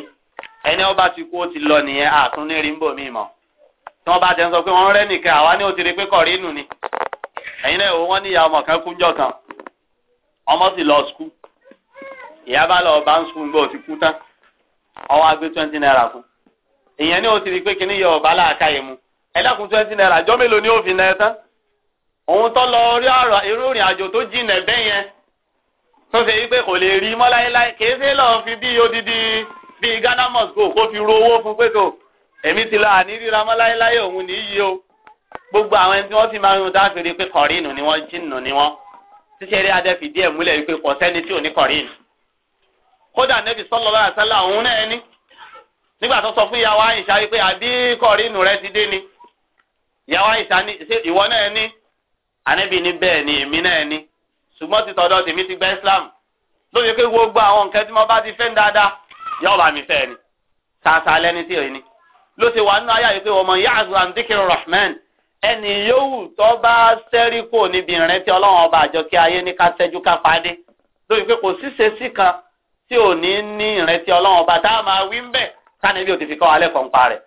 ẹni ọba ti kú ó ti lọ nìyẹn àtún ní rímbò mi mọ̀ tí wọ́n bá sọ pé rẹ nìkan àwa ní òtí rí pé nù ni náà ọmọ kan kú ti kú tán ìyẹn ní o ti di pé kíní yẹ ọ̀bá láàka yìí mu ẹlẹ́kùn twenty naira àjọ mélòó ni ó fi na ẹ tán òun tó lọ rí ọ̀rọ̀ irú ìrìn àjò tó jìnà bẹ́ yẹn tó ṣe yí pé kò lè rí mọ́ láéláé kìí ṣe lọ́ọ́ fi bí odidi bíi Ghana must go kó fi ro owó fún pé tó èmi ti lọ àní ríra mọ́ láéláé òun nìyí o gbogbo àwọn ẹni tí wọ́n ti máa ń dá fèrè pé kọ̀rínù ni wọ́n jìnnù ni wọ́n ṣíṣe rí adé fìdí ẹ̀ múlẹ̀ wípé kò sẹ́ni tí ò ní kọ̀rínù kódà nẹ́bí sọ́lọ́lá àṣálà òun náà ẹni nígbà tó sọ fún ìyàwó àyìnṣá wípé àbí kọ̀rínù rẹ ti dé ni ìyàwó àyìnṣá ní ṣé ìwọ náà ní ànábì ní bẹ́ẹ̀ ni èmi náà ní ṣùgbọ́n ti tọ̀dọ̀ tèmi ti gba Islam lóye pé gbogbo àwọn nǹkan tí mo bá ti fẹ́ ń dáadáa yóò bá mi fẹ́ ni ṣàṣà lẹ́ni tí ò ní ló ti wà nínú ayé àyè pé ọmọ ya'zu an dhikri rahman ẹnì yòówù tó bá sẹ́rí kò níbi ìrìn tí ọlọ́run ọba àjọ kí ayé ní ká ṣẹ́jú ká padé lóye pé kò síṣe sí kan tí ò ní ní ìrìn tí ọlọ́run ọba tá a máa wí ń bẹ́ẹ̀ sani bí o ti fi kọ́ alẹ́ kọ́ ń parẹ́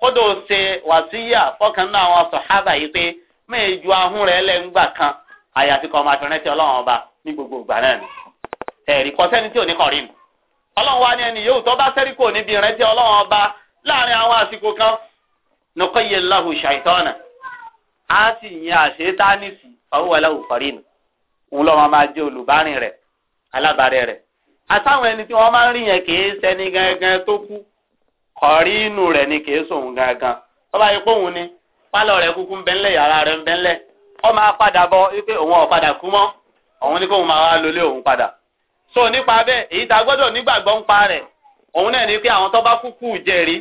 kódò ṣe wàsíyà fọkàn náà àwọn sọ̀hábà yìí pé mẹ́ẹ̀ ju ahọ́n rẹ̀ lẹ́ngbà kan àyàfi kọ́ máa fi rántí ọlọ́run ọba ní gbogbo ìgbà náà ni ẹ̀rí kọ́sẹ́ni tí ò ní kàn rí mi ọlọ́run wa ni ẹni yóò tó bá sẹ́rí kò níbi ìrántí ọlọ́run ọba láàrin àwọn àsìkò kan nùkọ́yẹ lahu ṣàìtọ́nà á sì yan àṣetánìsì ọwọ́ aláwọ̀ kọ́rí nù òun kọ̀rí inú rẹ̀ ni kì í sòun gangan ọba yìí pòun ni pálọ̀ rẹ̀ kúkú ń bẹ́ńlẹ̀ yàrá rẹ̀ ń bẹ́ńlẹ̀ ọ máa padà bọ̀ wípé òun ọ̀padà kú mọ́ òun ni kóun máa wá lólé òun padà so nípa bẹ́ẹ̀ èyí tá a gbọ́dọ̀ nígbàgbọ́ ń pa rẹ̀ òun náà ni pé àwọn tó bá kúkú jẹ̀rí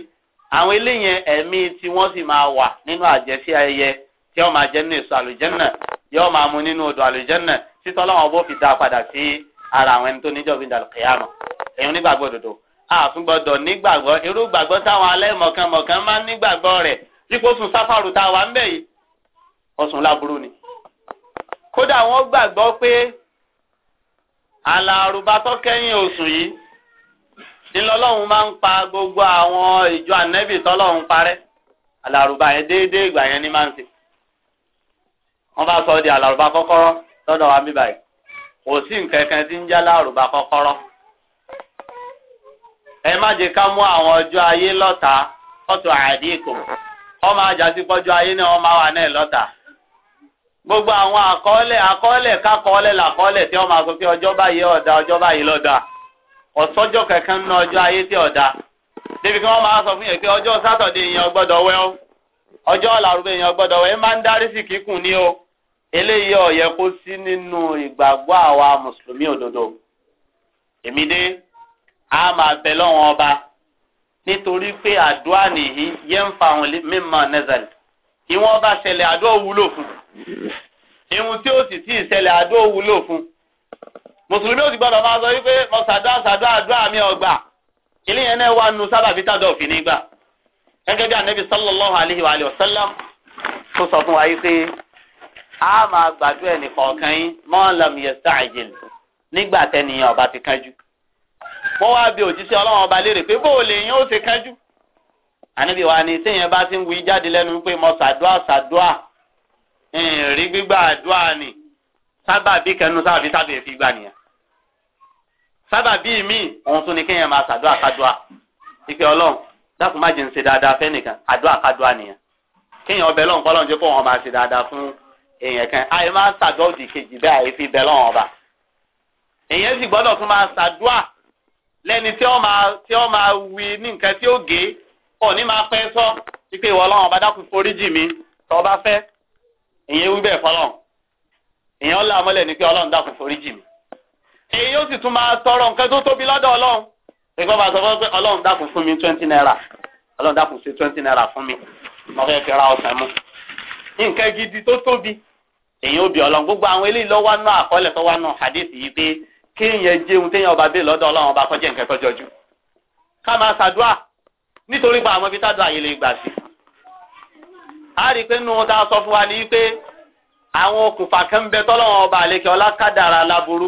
àwọn eléyẹn ẹ̀mí tí wọ́n sì máa wà nínú àjẹsí ayẹyẹ tí wọ́n máa jẹ nínú èso àlùjẹ́nà yóò máa mu nínú odò àlùjẹ́nà títọ́ láwọn bó fi dá padà sí ara àwọn ẹni tó níjọ́ bí dàlùkìyàmọ̀ èyí nígbàgbọ́ òdòdó àtúgbọdọ̀ nígbàgbọ́ irú gbàgbọ́ táwọn alẹ́ mọ̀kànmọ̀kàn máa ń nígbàgbọ́ rẹ̀ dípò sùn sáfàrù tá a wà ń bẹ̀ yìí ọ̀sùn láburú ni. kódà wọ́n gbàgbọ́ pé alárùbá tó kẹ́yìn oṣù yìí ńlọ́lọ́run máa ń pa gbogbo àwọn ìjọ ànẹ́bì tọ́lọ́run parẹ́ alárùbá yẹn déédéé ìgbà yẹn ni máa ń ṣe. wọ́n bá sọ di alárùbá kọ́kọ́rọ́ lọ́dọ̀ wa bíbáyìí kò sí nǹkan kan tí ń jẹ́ alárùbá kọ́kọ́rọ́. ẹ má jẹ́ ká mú àwọn ọjọ́ ayé lọ́ta ọ̀tọ̀ àdínkù ọmọ ajásí pọ́jọ́ ayé náà ọmọ wa wà náà lọ́ta gbogbo àwọn àkọọ́lẹ̀ àkọọ́lẹ̀ kákọọ́lẹ̀ làkọọ́lẹ̀ tí ọ máa sọ pé ọjọ́ báyìí ọ̀dà ọjọ́ báyìí lọ́dà ọ̀sọ́jọ́ kankan ayé tí sọ fún yẹn pé yẹn yẹn máa ń o eléyìí kó sí nínú àwa mùsùlùmí a máa bẹ lọ́wọ́n ọba nítorí pé àdúrà nìyí yẹn ń fa àwọn mímọ nẹ́sẹ̀lì ìwọ̀n bá ṣẹlẹ̀ àdúrà wúlò fún ìwọ̀n tí ó sì tí ì ṣẹlẹ̀ àdúrà wúlò fún mùsùlùmí ò sì gbọdọ̀ máa sọ wípé mo ṣàdúrà àdúrà mi ọgbà ilé yẹn náà wà nù sábàbí tàdọ̀ òfin nígbà gẹ́gẹ́ bí anabi sallallahu alayhi wa alayhi wa sallam tó sọ fún wa yìí pé a máa gbàdúrà ẹnì kọ̀ọ̀kan yín mọ́ lam yasta'jil nígbà tẹ́niyàn ọba ti kánjú wọ́n wá bí òjíṣẹ́ ọlọ́run ọba léèrè pé bó o lè yín ó ti kánjú àníbi wa ni téèyàn bá ti ń wí jáde lẹ́nu pé mo ṣàdúà ṣàdúà ìrìn gbígbà àdúà ni sábàbí kẹnu sábàbí sábàbí fi gbà nìyẹn sábàbí mi òun tún ni kéèyàn máa ṣàdúà kádúà ìpè ọlọ́run dákun má jẹ́ ń ṣe dáadáa fẹ́nìkan àdúà kádúà nìyẹn kéèyàn ọbẹ̀ lọ́run kọ́lọ́run jẹ́ kó wọn máa ṣe dáadáa fún èèyàn kan àyè máa ń ṣàdúà òdì kejì bẹ́ẹ̀ àyè fi bẹ́ lọ́run ọba èèyàn sì gbọ́dọ̀ tún máa ṣàdúà lẹni tí ó máa tí ó máa wí ní nǹkan tí ó gé máa sọ ìwọ ọlọ́run ọba dákun forí jì mí tó bá fẹ? ìyẹn wí ìyẹn là ní pé ọlọ́run dákun forí jì mí èyí yóò sì tún máa tọrọ nǹkan tó tóbi sọ pé fún mi twenty naira ọlọrun dákun fún mi mo fi ra gidi tó tóbi èyí ó bí gbogbo àwọn eléyìí kí ìyẹn jẹun téèyàn ọba bẹ́ẹ̀ lọ́dọ̀ ọlọ́run ọba kọjá nǹkan tó jọjú ká máa ṣàdúrà nítorí pa àwọn ibi tá àdúrà yìí lè gbà sí. a rí i pé nínú tá a sọ fún wa ni pé àwọn okùnfà kan ń bẹ tọ́lọ́run ọba àlekè ọlákàdàrà láburú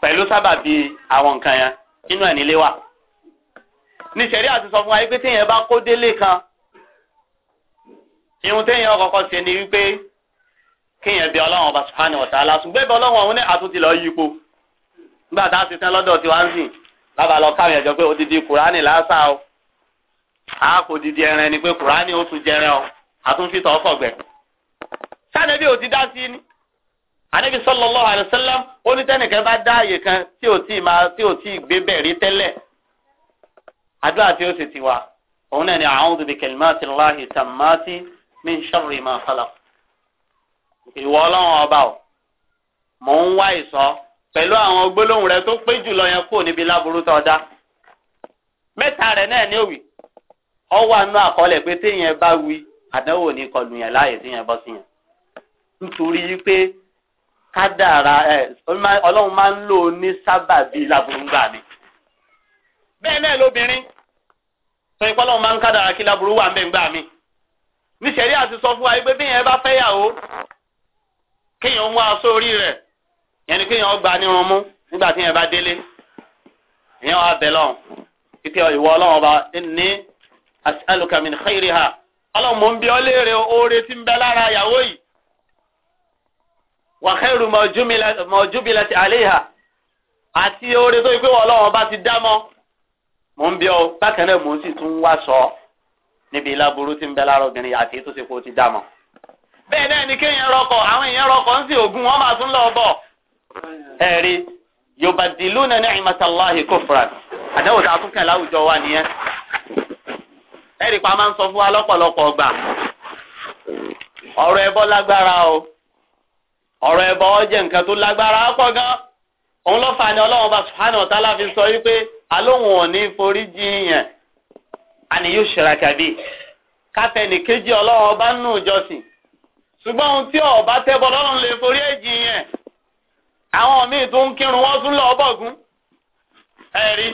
pẹ̀lú sábàbí àwọn nǹkan yẹn inú ẹ̀ nílé wa. ní àti sọ fún wa pé téèyàn bá kó délé kan ìhun téèyàn kọ́kọ́ ṣe ni wípé kéèyàn bí ọlọ́run ọba subhanahu wa ta'ala ṣùgbọ́n ibi ọlọ́run ọ̀hún ní àtúntì lọ yí ipò nígbà tá a ti tán lọ́dọ̀ tiwa ń sìn lábàá lọ káwọn ẹ̀jọ̀ pé odidi kùránì lásà o a kò didi ẹran ni pé kùránì ó tún jẹrẹ o àtúnfìtọ̀ ọ̀fọ̀gbẹ́. sànẹ́bí ò ti dá sí ni ànẹ́bí sallallahu alaihi wasallam ó ní tẹ́nìkan bá dá àyè kan tí ò tí máa tí ò tí gbé bẹ̀ tẹ́lẹ̀ àdúrà tí ó sì ti wà òun náà ni a'udhu bi ìwọ ọlọ́run ọba o mò ń wá ìsọ pẹ̀lú àwọn gbólóhùn rẹ tó pé jùlọ yẹn kúrò níbi láburú tó dá mẹ́ta rẹ̀ náà ní òwì ọ wà nú àkọọ́lẹ̀ pé téèyàn bá wí àdánwò ní kọlù yẹn láàyè téèyàn bọ́ sí yẹn nítorí pé kádàrá ẹ ọlọ́run máa ń lò ó ní sábàbí láburú gbà ni bẹ́ẹ̀ náà lóbìnrin sọ ipá ọlọ́run máa ń kádàrá kí láburú wà ń bẹ̀ ń gbà mí níṣẹ́rí àti sọ fún wa pé bí yẹn bá fẹ́ yàwó kéèyàn ń wá aṣọ orí rẹ̀ yẹn ni kéèyàn gba nírun mú nígbà tí yẹn bá délé ìyẹn wà bẹ̀ lọ́hùn pípẹ́ ìwọ ọlọ́run ọba ní as'aluka min khayriha ọlọ́run mò ń bi ọ́ léèrè oore tí ń bẹ lára ìyàwó yìí wa khayru ma jubilat alayha àti oore tó yẹ pé ọlọ́run ọba ti dá mọ́ mò ń bi ọ́ bákan náà mò ń sì tún wá sọ níbi ìlàbúrú tí ń bẹ lára obìnrin àti tó ṣe ti dá mọ́. bẹ́ẹ̀ náà ni kéèyàn rọkọ̀ àwọn èèyàn rọkọ̀ ń sì ògùn wọn máa tún lọ bọ̀. ẹ̀rí yubadiluna ni'matallahi kufran àdáwò tá a tún kàn láwùjọ wa nìyẹn. ẹ̀rí pa máa ń sọ fún wa lọ́pọ̀lọpọ̀ ọ̀rọ̀ ẹbọ lágbára o ọ̀rọ̀ ẹbọ jẹ́ nǹkan tó lágbára pọ̀ gan òun ló bá sọ wípé alóhùn ò ní forí jiyàn káfẹ́ nìkejì nù ṣùgbọ́n ohun tí ọba tẹ́bọ lọ́rùn lè forí èjì yẹn àwọn míì tó ń kírun wọ́n tún lọ́ọ́ bọ̀gún ẹ̀rí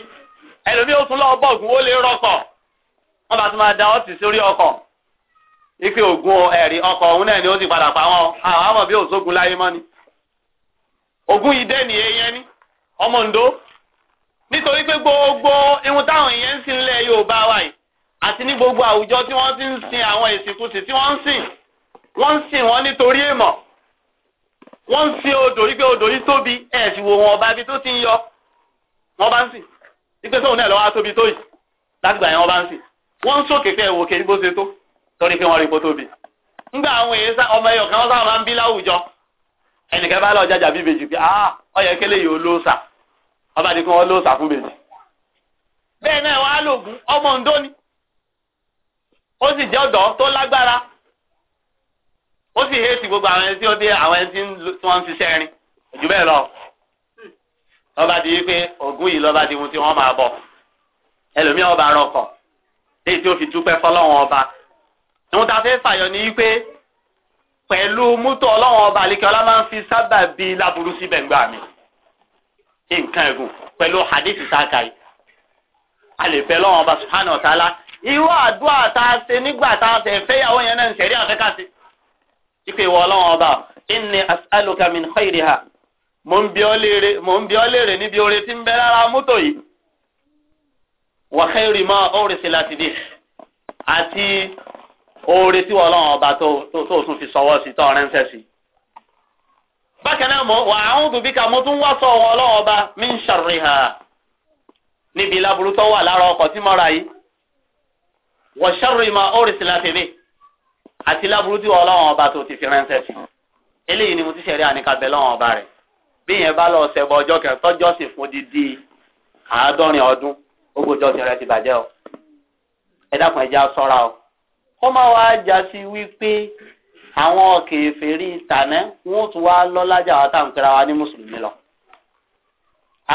ẹlòmíì ó tún lọ́ọ́ bọ̀gún ó lè rọkọ̀ wọ́n bá tún máa da ọtí sórí ọkọ̀ ipe ògùn ẹ̀rí ọkọ̀ òun náà ni ó sì padà pa wọn àwọn àmọ̀ bí òṣogun láyé mọ́ ni ògùn ìdẹ́ ni èèyàn ni ọmọ ǹdó nítorí pé gbogbo irun táwọn èèyàn ń sin ilẹ̀ Yorùbá wa yìí àti ní gbogbo àwùjọ tí wọ́n ti ń sin àwọn ìsìnkú tí wọ́n ń sìn wọ́n ń sìn wọ́n nítorí wọ́n ń sìn odò yìí odò yìí tóbi ọba ibi tó ti ń yọ wọ́n bá ń sìn ipe tóun náà lọ́wọ́ tóbi tó yìí yẹn wọ́n bá ń sìn wọ́n ń sókè pé bó ṣe tó torí pé wọ́n rí ipò tóbi àwọn èèyàn ọmọ ẹyọ kan sábà máa ń bí láwùjọ ẹnìkan bá lọ jájà bí bèjì pé ah ọyẹ ọba kí wọn fún bèjì bẹ́ẹ̀ náà wàá lògùn ọmọ ni ó ó sì hétì gbogbo àwọn ẹni tí ó dé àwọn ẹni tí wọ́n ń ṣiṣẹ́ rin jù bẹ́ẹ̀ lọ lọ́ba di wípé ògùn yìí lọ́ba di ohun tí wọ́n máa bọ̀ ẹlòmíràn ọba rọkọ̀ léyìí tí ó fi dúpẹ́ fọlọ́wọn ọba ìwọ́n ta fẹ́ fàyọ ni wípé pẹ̀lú mútò ọlọ́wọ́n ọba àlekẹ́ ọlá máa ń fi sábà bíi láburú síbẹ̀ ńgbà mi nǹkan ẹ̀gùn pẹ̀lú hadith saka yìí a lè fẹ́ lọ́wọ́n ọba subhanahu wa ta'ala irú àdúrà tá a ṣe nígbà tá a ṣe fẹ́yàwó yẹn náà ń ṣẹ̀rí àfẹ́kàṣe ipe ìwọ ọlọ́wọ́n ọba inni as'aluka min khayriha mò ń bí ọ léèrè níbi oore tí ń bẹ lára mọ́tò yìí wa khayri ma ursilat bih àti oore tí wọ́n ọlọ́wọ́n ọba tó tún fi sọwọ́ sí tọ́ rẹ́ńsẹ̀ sí. bákan náà mo wà a'udhu bika mo tún wá sọ wọn ọlọ́wọ́n ọba min sharriha níbi ìlàbùrú tó wà lára ọkọ̀ tí mo ra yìí wa sharri ma ursilat bih àti láburú tí ọlọ́wọ́n ọba tó ti fi ránṣẹ́ sí eléyìí ni mo ti ṣẹ̀rí àníkàbẹ̀ lọ́wọ́n ọba rẹ̀ bí yẹn bá lọ ṣẹbọ ọjọ́ kan tọ́jọ́ sì fún dídí àádọ́rin ọdún ogójọ́ ti rẹ̀ ti bàjẹ́ o ẹ dákun ẹ já sọ́ra o kó má wàá já sí wípé àwọn kèfèrí tàná wọn ò tún wá lọ lájà wa tá à ń pera wa ní mùsùlùmí lọ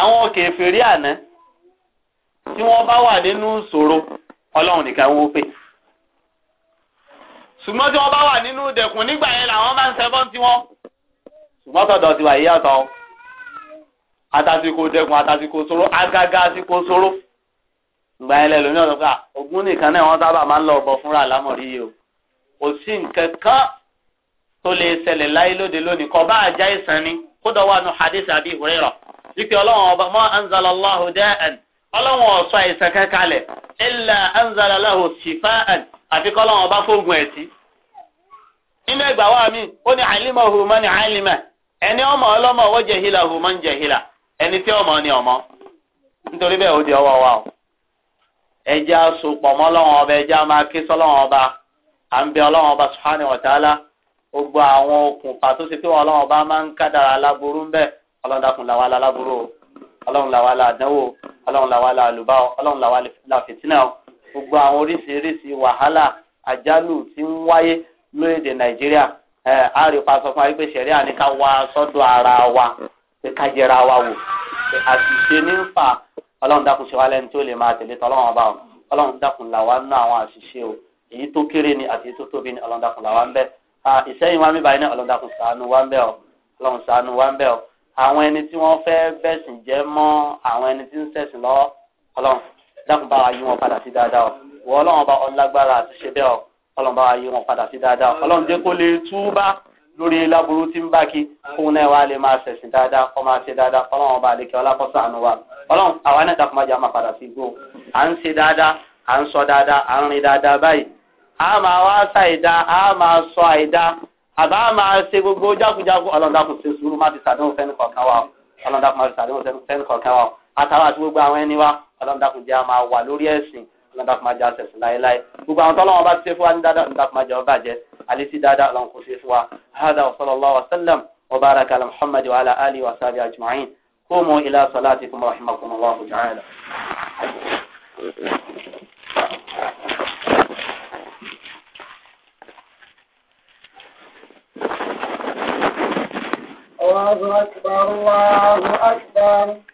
àwọn kèfèrí àná tí wọ́n bá wà nínú ìṣòro ọlọ́run nìkan wọ́n pè é ṣùgbọ́n tí wọ́n bá wà nínú ìdẹ̀kùn nígbà yẹn làwọn máa ń ṣẹbọ́n tí wọ́n. ṣùgbọ́n tọ̀dọ̀ ti wà yíyàtọ̀ atasiko dẹkùn atasiko soro agaga asiko soro ìgbà yẹn lẹ́nu yóò sọ pé ògùn nìkan náà wọ́n sábà máa ń lọ bọ̀ fúnra lámọ̀rí yìí o kò sí nǹkan kan tó lè ṣẹlẹ̀ láyé lóde lónìí kọ́ bá àjá ìsàn ni kódà wà nù hadith àbí Hurairah wípé ọlọ́run ọba mọ́ àfi kọ́lọ́n ọba fóògùn ẹ̀ sí. nínú ẹgbà wa mi ó ní àìlímọ̀ hùmọ́ ní àìlímọ̀ ẹni ọmọ ọlọ́mọ ọwọ́ jẹ̀hìlà hùmọ́ ń jẹ̀hìlà ẹni ọmọ ni ọmọ nítorí bẹ́ẹ̀ ó di ọwọ́ wa o. ẹja sopọ̀ mọ́ ọba ẹja máa ké ọba à ń ọba subhanahu wa gbogbo àwọn pé ọba máa ń kádàrà ọlọ́run ọlọ́run o gbogbo àwọn oríṣiríṣi wàhálà àjálù tí ń wáyé lórílẹ̀‐èdè nàìjíríà ẹ̀ á rí pa sọ fún wa pé sẹ̀ríà ní ká wá sọ́dọ̀ ara wa pé ká jẹra wa wò àṣìṣe ní ń fà ọlọ́run dákun ṣe wá lẹ́ni tí ó lè máa tẹ̀lé tọ́lọ́run ọba o ọlọ́run dákun là wá ná àwọn àṣìṣe o èyí tó kéré ni àti èyí tó tóbi ni ọlọ́run dákun là wá ń bẹ́ ìsẹ́yìn wa mi báyìí náà ọlọ́run dákun ṣàánú wa ń bẹ́ o ọlọ́run ṣàánú wa ń bẹ́ o àwọn ẹni tí wọ́n fẹ́ bẹ̀sìn jẹ́ mọ́ àwọn ẹni tí ń ṣẹ̀sìn lọ́wọ́ ọlọ́run dákun bá wa yí wọn padà sí dáadáa o wọ ọlọ́run bá ọlágbára àti ṣe bẹ́ẹ̀ o ọlọ́run bá wa yí wọn padà sí dáadáa o ọlọ́run jẹ́ kó lè túbá lórí láburú tí ń bá kí fún náà wà lè máa ṣẹ̀sìn dáadáa kọ́ máa ṣe dáadáa ọlọ́run ọba àlekẹ́ ọlákọ́sọ àánú wa ọlọ́run àwa náà dákun má jẹ́ a máa padà sí igbó à ń ṣe dáadáa à ń sọ dáadáa à ń rìn dáadáa báyìí a máa wá ṣàìdá a máa sọ àìdá àbá máa ṣe gbogbo jákujáku ọlọ́run dákun ṣe sùúrù má ti ṣàdéhùn fẹ́ni kọ̀ọ̀kan wa ọlọ́run dákun má ti ṣàdéhùn fẹ́ni kọ̀ọ̀kan wa àtàwọn àti gbogbo àwọn ẹni wa ọlọ́run dákun jẹ́ a máa wà lórí ẹ̀sìn ọlọ́run dákun máa jẹ́ àṣẹ̀sìn láéláé gbogbo àwọn tọ́lọ́wọ́n bá ti ṣe fún wa ní dáadáa ọlọ́run dákun máa jẹ́ ọba jẹ́ àlésì dáadáa ọlọ́run kò ṣe fún wa hada wa sallallahu wa sallam wa baraka ala muhammad wa ala alihi wa sahbihi ajma'in qumu ila salatikum rahimakumullahu ta'ala. الله أكبر الله أكبر